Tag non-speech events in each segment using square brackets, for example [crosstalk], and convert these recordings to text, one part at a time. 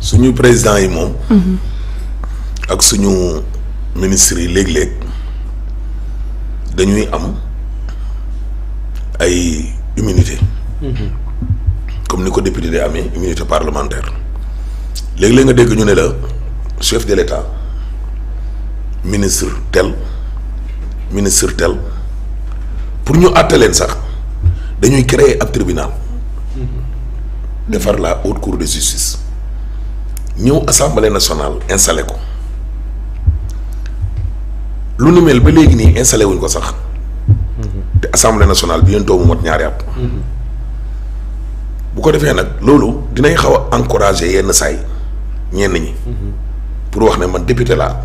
suñu président yi moom. ak suñu ministres yi léeg-léeg dañuy am ay immunité. comme ni ko député de amee immunité parlementaire léeg-léeg nga dégg ñu ne la chef de l'État ministre tel ministre tel pour ñu àtte leen sax dañuy créer ab tribunal mm-hmm. defar la haute cour de justice. ñëw assemblée nationale installé ko lu ni mel ba léegi nii installé wuñ ko sax te assemblée nationale bientôt mu mot ñaari at bu ko defee nag loolu dinañ xaw a encourager yenn saay ñenn ñi pour wax ne man député laa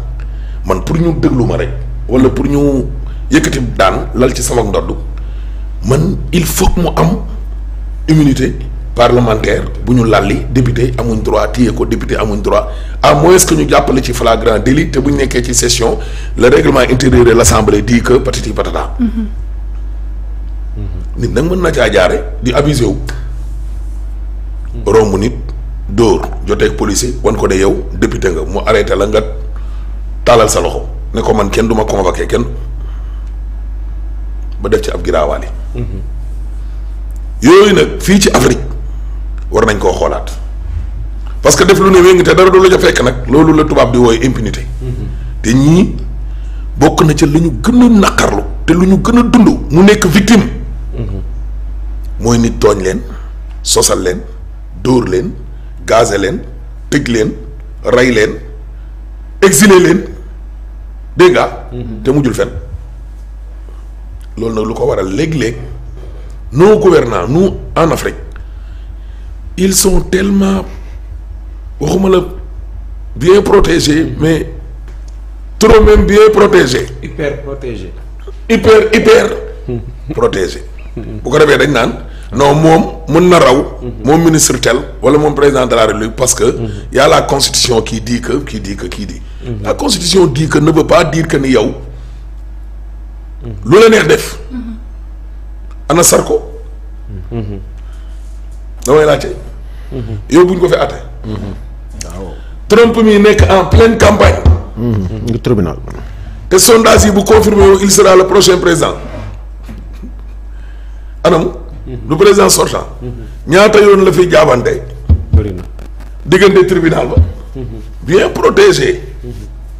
man pour ñu déglu ma rek walla pour ñu yëkkati daan lal ci sama ndodd man il faut mu am immunité parlementaire bu ñu lalli député amuñ droit téye ko député amuñ droit à moins que ñu jàppale ci flagrant délit te bu nekkee ci session le règlement intérieur de l'assemblée dit que patati patata. Mm-hmm. Mm-hmm. nit nag mën na caa jaare di abusé wu. Mm-hmm. romb nit dóor joteeg policier wan ko de yow député nga mu arrêté la nga tàllal sa loxo ne ko man kenn du ma convoqué kenn ba def ci ab giraawaali. yooyu nag fii ci Afrique. war nañ koo xoolaat parce que def lu ne wéng te dara du la ca fekk nag loolu la tubaab di wooy impunité te ñii bokk na ca lu ñu gën a naqarlu te lu ñu gën a dund mu nekk victime mooy nit tooñ leen sosal leen dóor leen gaze leen tëj leen rey leen exilé leen dégg nga mhm. te mujjul fen loolu nag lu ko waral léeg-léeg nos gouvernants nous en Afrique ils sont tellement waxuma la bien protégés mais trop même bien protégés. hyper protégés. hyper hyper protégés. Hmm. bu ko defee dañ naan non moom mën na raw. Hmm. moom ministre tel wala moom président de la République parce que. Hmm. y a la constitution kii dit kii qui dit que qui dit. la constitution dit que ne veut pas diir que ni yow. lu la neex def. ana Sarko. damay laajte. yow buñ ko fi àtte. waaw Trump mi nekk en pleine campagne. Mmh. Mmh. tribunal. te sondage yi bu confirmé woo il le prochain président anam. du mmh. président sortant. ñaata yoon la fiy jaabante. bëri na diggante tribunal ba. bien protégé.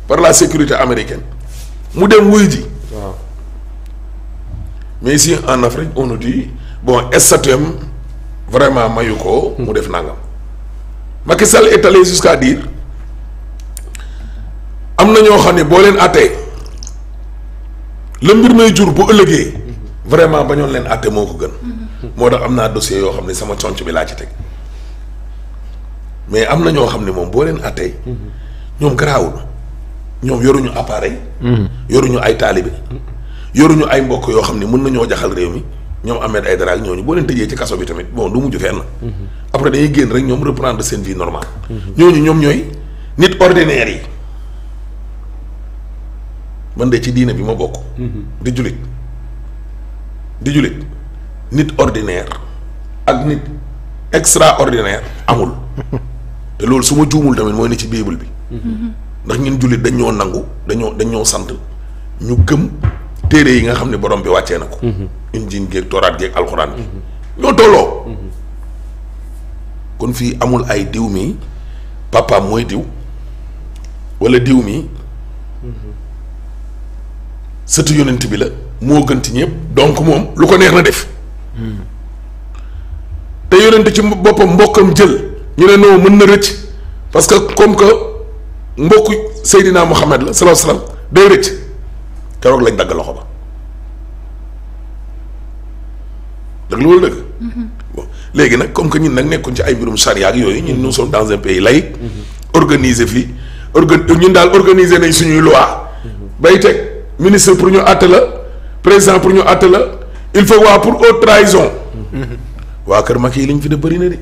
par la sécurité américaine. mu dem wuy ji. waaw mais ici en Afrique on nous dit bon statuem vraiment mayu ko. mu def nangam. Macky Sall est allé jusqu'à dire am na ñoo xam ne boo leen àttee la mbir may jur bu ëllëgee vraiment ñoon leen àtte moo ko gën. moo tax am naa dossier yoo xam ne sama conc bi laa ci teg mais am na ñoo xam ne moom boo leen àttee ñoom garaawul ñoom yoruñu appareil. Mm-hmm. yoruñu ay taalibe yoruñu ay mbokk yoo xam ne mun nañoo jaxal réew mi. ñoom Ahmed Aïdara ak ñooñu boo leen tëjee ci kaso bi tamit bon du mujj fenn. après dañuy génn rek ñoom reprendre seen vie normale. ñooñu ñoom ñooy nit ordinaire yi man de ci diine bi ma bokk. di jullit di jullit nit ordinaire ak nit extraordinaire amul te loolu su ma juumul tamit mooy ne ci bible bi. ndax ñun jullit dañoo nangu dañoo dañoo sant ñu gëm téere yi nga xam ne borom bi wàccee na ko. injin geeg tooraat geeg alxuraan bi ñoo tolloo kon fii amul ay diw mi papaam mooy diw wala diw mi sëtu yonent bi la moo gën ci ñëpp donc moom lu ko neex na def te yonent ci boppam mbokkam jël ñu ne non mën na rëcc parce que comme que mbokku Seydina Muhammad la sallallahu alayhi day rëcc keroog lañ dagg loxo ba dëgg loolu dëgg. léegi nag comme que ñun nag nekkuñ ci ay mbirum charia ak yooyu ñun nous sommes dans un pays laïque. organisé fii orga ñun daal organisé nañ suñuy loi bay teg ministre pour ñu àtte la président pour ñu àtte la il faut waa pour haute waa kër Macky yi liñ fi def bëri na de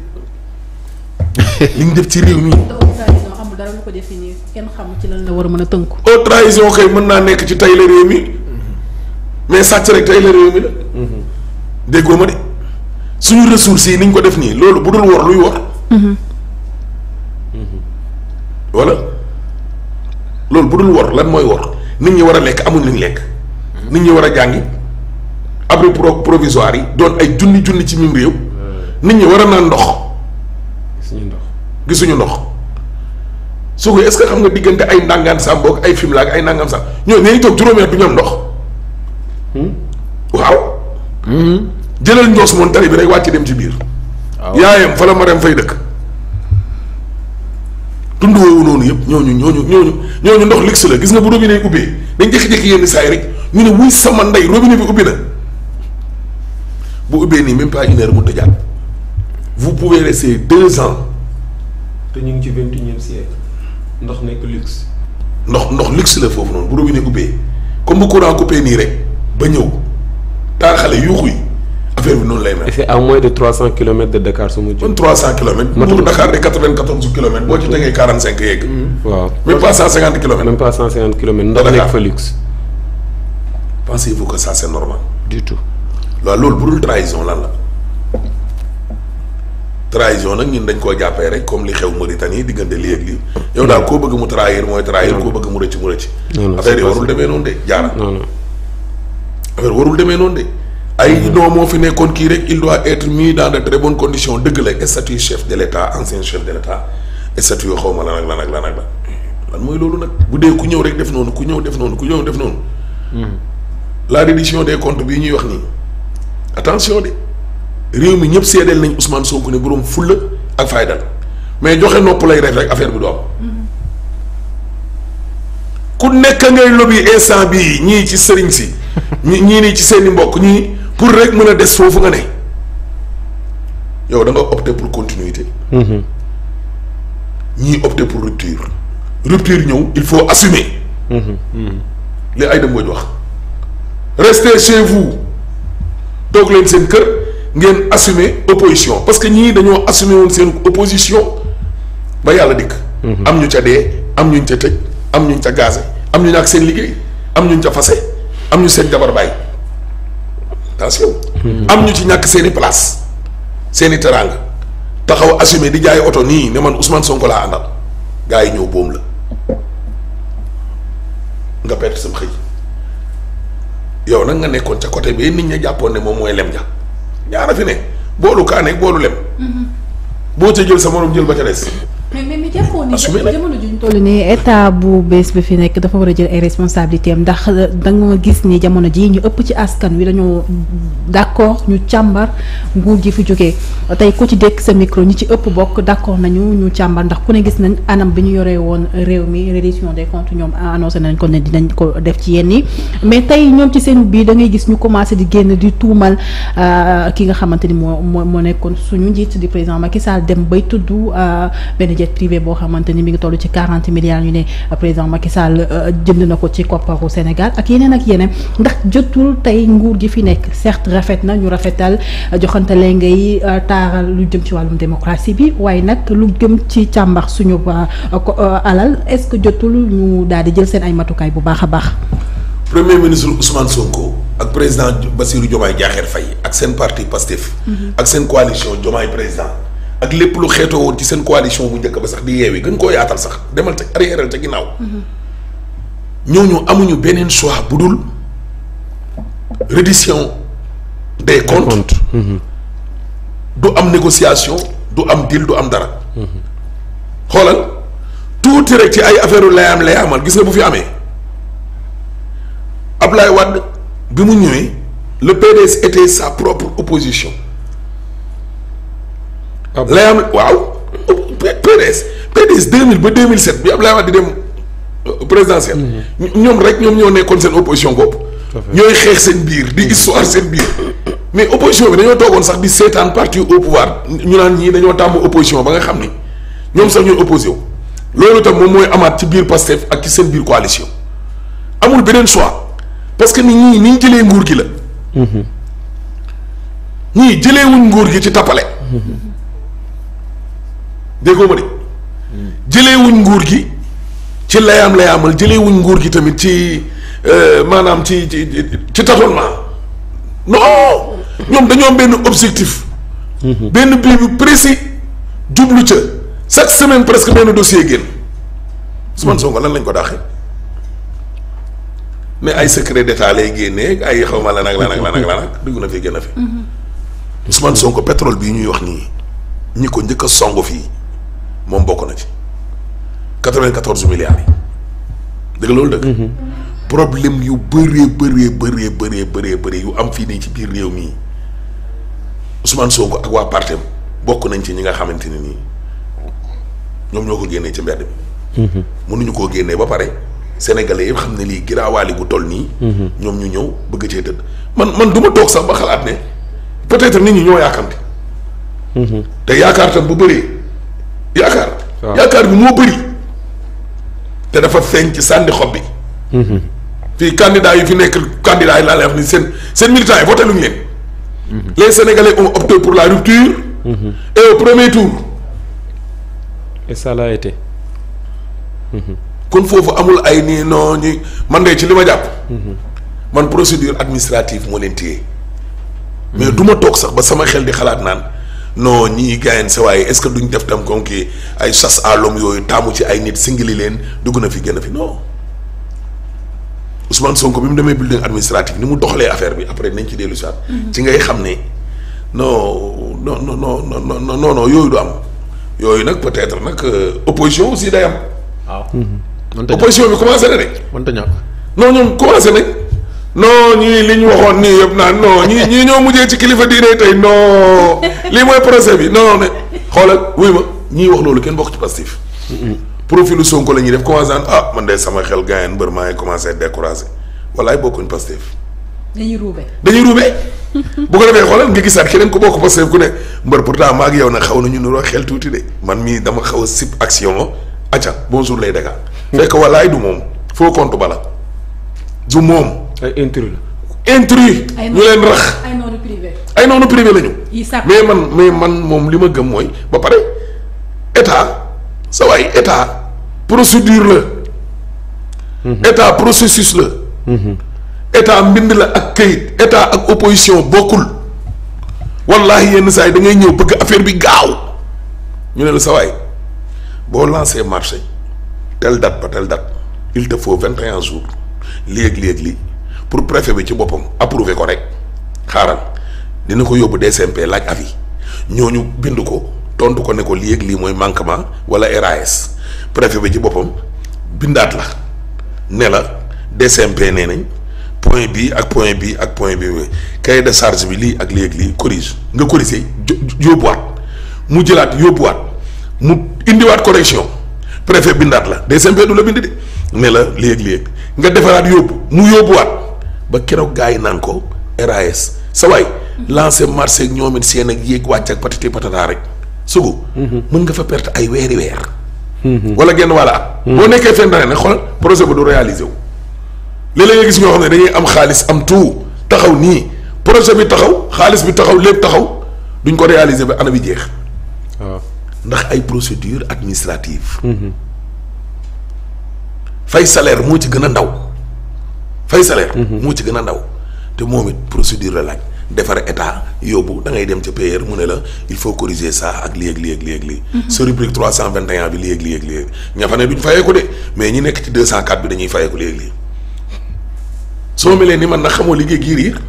liñ def ci réew mi. dara lu ko définir kenn xam ci lan la war a mën a tënku. haute trahison mën naa nekk ci tay la mi mais sàcc rek tay la réew déggoo ma de suñu ressources yi ni ko def nii loolu bu dul wor luy wor. wala mhm. loolu bu dul wor lan mooy wor nit ñi war a lekk amuñ lu lekk. nit ñi war a jàngi abri pro provisoire yi doon ay junni junni ci mim réew. nit ñi war a naan ndox. gisuñu ndox gisuñu ndox su ko ce que xam nga diggante ay ndàngaan sàmm boog ay Fimela ak ay nangam sàmm ñooñu dañuy toog juróomi at du ñu ndox. Hmm? waaw. Hmm? jëlal njoos moom tali bi rek wàcc dem ci biir. Ah, yaayam fa la Marème Faye dëkk. tund woowu noonu yëpp ñooñu ñooñu ñooñu ñooñu ndox ligg la gis nga bu robinet yi ubbee dañ jékki-jékki yenn saay yi rek ñu ne wuy sama ndey robinet bi ubbi na bu ubbee nii même pas une heure mu tëjaat vous pouvez rester deux ans. te ñu ngi ci vingt et unième siècle ndox nekk luxe. ndox ndox luxe la foofu noonu bu robinet ubbee comme bu courant coupé nii rek ba ñëw taal xale yuuxu yi. affaire bi noonu lay mel. c'est à moins de 300 kilomètres de Dakar su ma jóg. kon 300 kilomètres. matul Dakar de 94 kilomètres boo ci tegee 45 yegg. Mm-hmm. waaw même loolu bu dul trahison lan la. trahison nag ñun dañ koo jàppee rek comme li xew Mauritanie diggante lii ak lii yow daal koo bëgg mu trahir mooy trahir koo bëgg mu rëcc mu rëcc. affaire yi warul demee noonu de jaara. affaire warul demee noonu de. ay non moo fi nekkoon kii rek il doit être mis dans de très bonnes conditions dëgg la statut chef de l' état ancien chef de l' état statut yoo xaw ma lan ak lan ak lan ak lan mooy loolu nag bu dee ku ñëw rek def noonu ku ñëw def noonu ku ñëw def noonu. Hmm. la reddition des comptes bii ñuy wax nii attention de réew mi ñëpp seedeel nañ Ousmane Sonko ne boroom fulla ak fayda la mais joxe nopp lay def rek affaire bi du am. Hmm. ku nekk ngay lobby instant bii ñii ci sëriñ si ñii nii ci seeni mbokk ñii pour rek mën a des foofu nga ne yow da nga pour continuité. Mm-hmm. ñii opté pour rupture. rupture ñëw il faut assumer. Mm-hmm. li Aïda Mbodj wax. restez chez vous toog leen seen kër ngeen assumer opposition parce que ñii dañoo assumer woon seen opposition ba yàlla dikk. Mm-hmm. am ñu ca dee am ñu ca tëj am ñu ca gaase am ñu ñàkk seen liggéey am ñu ca fase am ñu seen jabar bàyyi. attention. am ñu ci ñàkk seeni i place seen i teraanga taxaw assumer di jaay oto nii ne man Ousmane Sonko laa àndal gars yi ñëw boom la nga perte sam xëy yow nag nga nekkoon ca côté bi nit ña jàppoon ne moom mooy lem ja ñaara fi ne boolu kaane boolu lem. Mm-hmm. boo ca jël sa morom jël ba ca des. mais mais mais jàppoon ni mu toll nii état bu bees bi fi nekk dafa war a jël ay responsabilités am ndax euh, da gis ni jamono ji ñu ëpp ci askan wi dañoo d'accord ñu càmbar nguur ji fi jógee tey ku ci dékk sa micro ñi ci ëpp bokk d'accord nañu ñu càmbar ndax ku ne gis nañ anam bi ñu yoree woon réew mi reddition de comptes ñoom annoncé nañ ko ne dinañ ko def ci yenn yi mais tey ñoom ci seen biir da ngay gis ñu commencé di génn di tuumal euh, ki nga xamante ni moo moo moo nekkoon suñu njiit di président Macky Sall dem bay tudd euh, benn jet boo xamante ni mi ngi toll ci 40 milliards yu ne président Macky Sall euh, jënd na ko ci kopparu Sénégal ak yeneen ak yeneen ndax jotul tey nguur gi fi nekk certes rafet na ñu rafetal euh, joxantale ngay euh, taaral lu jëm ci wàllum démocratie bi waaye nag lu jëm ci càmbax suñu alal est-ce que jotul ñu daal di jël seen ay matukaay bu baax a baax. premier ministre Ousmane Sonko ak président Bassirou Diomaye Diakhar Faye ak seen parti Pastef. Mm-hmm. ak seen coalition Diomaye président. ak lépp lu xeetoo woon ci seen coalition bu njëkk ba sax di yeewee gën koo yaatal sax demal te arrière te ginnaaw. Mm-hmm. ñooñu amuñu beneen choix bu dul reddition des comptes. Mm-hmm. du am négociation du am deal du am dara. Mm-hmm. xoolal tuuti rek ci ay affaire layaam layaamal gis nga bu fi amee Ablaye Wade bi mu ñëwee le PDS était sa propre opposition. lay am waaw PDS PDS 2000 ba 2007 bi Abdoulaye Wade di dem présidentielle ñoom rek ñoom ñoo nekkoon seen opposition bopp ñooy xeex seen biir di histoire seen biir mais opposition bi dañoo toogoon sax di seetaan parti au pouvoir ñu naan ñii dañoo tàmm opposition ba nga xam ni ñoom sax ñooy opposé wu loolu itam moom mooy amaat ci biir Pastef ak ci seen biir coalition amul beneen choix parce que nit ñii ni jëlee nguur gi la ñii jëleewuñ nguur gi ci tappale déggoo ma de jëlee nguur gi ci layaam layaamal jëlee wuñ nguur gi tamit ci euh, maanaam ci ci ci tâtonnement non ñoom dañoo am benn objectif. Mhm. benn bii bu précis jublu ca chaque semaine presque benn dossier génn Ousmane Sonko lan lañ ko daaxee mais ay secret d'état lay génnee ay xawma lan ak lan ak lan ak lan ak dugg na fi gën a fi. Mhm. suman Sonko pétrole bii ñuy wax nii ñi ko njëkk songo fii. moom bokk na ci quatre-vingt-quatorze milliards yi dëgg loolu dëgg mhm. problème yu bëree bëree bëree bëree bëree bëree yu am fii nii ci biir réew mii Ousmane Sonko ak waa partem bokk nañ ci ñi nga xamante ne nii ñoom ñoo ko génnee ci mbedd bi mhm. mënuñu koo génnee ba pare sénégalais yëpp xam ne lii giraawaali gu toll nii mhm. ñoom ñu ñëw bëgg cee dëdd man man du ma toog sax ba xalaat ne peut-être nit ñi ñoo yaakamte te yaakaar tam bu bëree yaakaar. yaakaar bi moo bëri te dafa feeñ ci sànni xob bi. Mhm. fii candidat yi fi nekk candidat yi laa lay wax ni seen seen militants yi voté luñu leen. Mhm. les sénégalais ont pour la rupture. Mhm. et au tour. et ça kon foofu amul ay nii non man de ci li ma jàpp. man procédure administrative moo leen téye. mais du ma toog sax ba sama xel di xalaat naan. non ñii gaayen sa waaye est-ce que duñ def tam comme kii ay chasse à l'homme yooyu taamu ci ay nit singili leen dugg na fi a fi non Ousmane Sonko bi mu demee building administratif ni mu doxalee affaire bi après nañ ci dellu si mm-hmm. ci ngay xam ne non non non non non non non yooyu du am yooyu nag peut-être nag euh, opposition aussi day am. waaw. Mm-hmm. opposition bi commencé na de. mënta ñàkk non ñoom commencé nañ. non ñii li ñu waxoon nii yëpp naan non ñii ñii ñoo mujjee ci kilifa diine tey non lii mooy procès bi non ne xoolal wuy ma ñii wax loolu kenn bokk ci Pastef profilu Sonko la ñuy def commencé naan ah man de sama xel gaayen mbër maa ngi commencé découragé walaay bokkuñ Pastef dañuy ruube dañuy ruube bu ko defee xoolal nga gisaat keneen ku bokk Pastef ku ne mbër pourtant maa ngi yow nag xaw nañu nuroo xel tuuti de man mii dama xaw a sip action o acca bonjour lay daga hmm. fekk walaay du moom foo compte bala du moom ay intrus la intrus ñu leen rax ay noonu privé ay noonu privé mais man mais man moom li ma gëm mooy ba pare état sa waay état procédure la mhm. état processus la mhm. état mbind la ak kayit état ak opposition bokkul wallahi yenn saa yi da ngay ñëw bëgg affaire bi gaaw ñu ne la sa waay boo lancé marché telle date ba telle date il te faut vingt et un jours léeg-léeg lii pour préfet bi ci boppam approuvé ko rek xaaral dina ko yóbbu DCMP laaj avis ñu bind ko tontu ko ne ko lii ak lii mooy manquement wala RAS préfet bi ci boppam bindaat la ne la DCMP nee nañ point bii ak point bii ak point bii cahier de charge bi lii ak lii ak lii corrige nga corrigé yóbbuwaat mu jëlaat yóbbuwaat mu indiwaat correction préfet bindaat la DCMP du la bind de ne la lii ak lii nga defaraat yóbbu mu yóbbuwaat. ba keroog gars yi naan ko RAS sa waay lancer marché ak ñoom it seen ak yéeg wàcc ak patati patata rek sugu. mën nga fa perte ay weeri weer. wala genn wàll ak boo nekkee fenn dane ne xool projet bu du réaliser wu. léeg gis ñoo xam ne dañuy am xaalis am tout taxaw nii projet bi taxaw xaalis bi taxaw lépp taxaw duñ ko réaliser bi ana bi jeex. Ah. ndax ay procédure administrative. Mhm. fay salaire moo ci gën a ndaw. fay salaire. moo ci gën a ndaw te moom it procédure la laaj defar état yóbbu da ngay dem ca PR mu ne la il faut corriger ça ak lii ak lii ak lii ak lii. Mhm. sa rubrique bi lii ak lii ak lii ña fa ne duñ fayee ko de mais ñi nekk ci 204 bi dañuy fayee ko lii ak lii soo melee ni man nag xamoo liggéey giir riir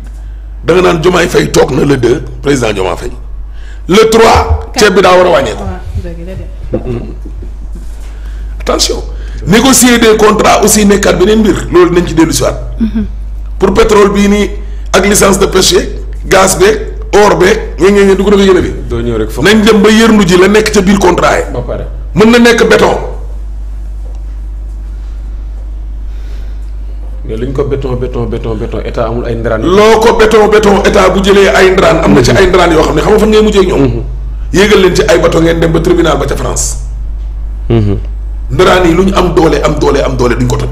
da nga naan Diomaye fay toog na le 2 président Diomaye Faye le 3. ceeb bi daa war a wàññeeku. attention. négocier des contrat aussi nekkaat beneen mbir loolu nañ ci dellu si waat pour pétrole bii nii ak licence de pêche yeeg gaz beeg or beeg ñoo ñoo ñoo du ko defee yële bi. doo ñëw rek nañ dem ba yërnu ji la nekk ca biir contrat yi. ba pare mën na nekk béton. mais luñ ko béton béton béton béton état amul ay ndaraan. loo ko béton béton état bu jëlee ay ndaraan am na ci mhm. ay ndaraan yoo xam ne xam nga fan ngay mujjee ak ñoom. Mhm. yéegal leen ci ay bato ngeen dem ba tribunal ba ca France. Mhm. ndaraan yi lu ñu am doole am doole am doole duñ ko toj.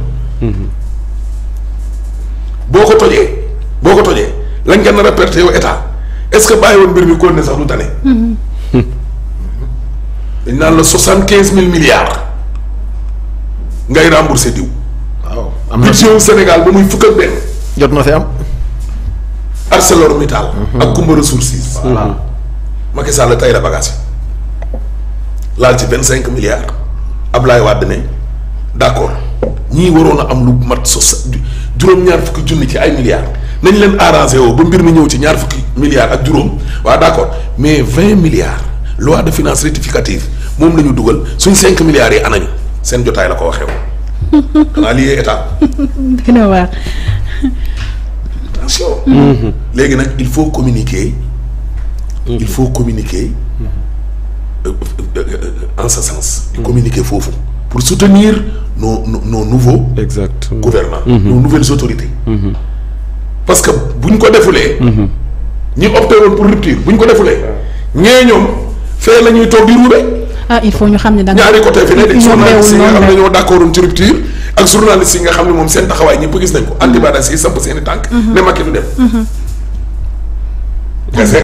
boo ko tojee boo ko tojee lañ nga nar a perte yow état est-ce que bàyyi woon mbir mi kon ne sax du tane. Mm-hmm. dañ naan la soixante quinze mille milliards ngay remboursé diw. waaw am na budget Sénégal ba muy fukk ak benn. jot na fi am. ArcelorMittal. Mm-hmm. ak Kumba Ressources. voilà Macky Sall tay la bagage laal ci vingt cinq milliards. Ablaye Wade ne d' accord ñii waroon a am lu mat sos juróom-ñaar fukki junni ci ay milliards nañ leen arrangé woo ba mbir mi ñëw ci ñaar fukki milliards ak juróom waa d' accord mais vingt milliards loi de finances rectificative moom la ñu dugal suñ cinq milliards yi anañu seen jotaay la ko waxee woon [laughs] état. dina waar. Mm-hmm. léegi nag il faut communiquer. Mm-hmm. il faut communiquer. Mm-hmm. Euh, en ce sens di communiquer foofu pour soutenir nos nos nouveaux exact gouvernants mm-hmm. nos nouvelles autorités mm-hmm. parce que bu ñu ko defulee mm-hmm. ñi opté woon pour rupture bu ñu ko defulee ñee ñoom fee la ñuy toog di ruube ah il faut ñu xam ne da nga ñaari côté fi ne de journaliste yi nga xam ne ñoo d'accord ci rupture ak journaliste yi nga xam ne moom seen taxawaay ñëpp gis nañ ko anti yi samp seen tànk ne Macky du dem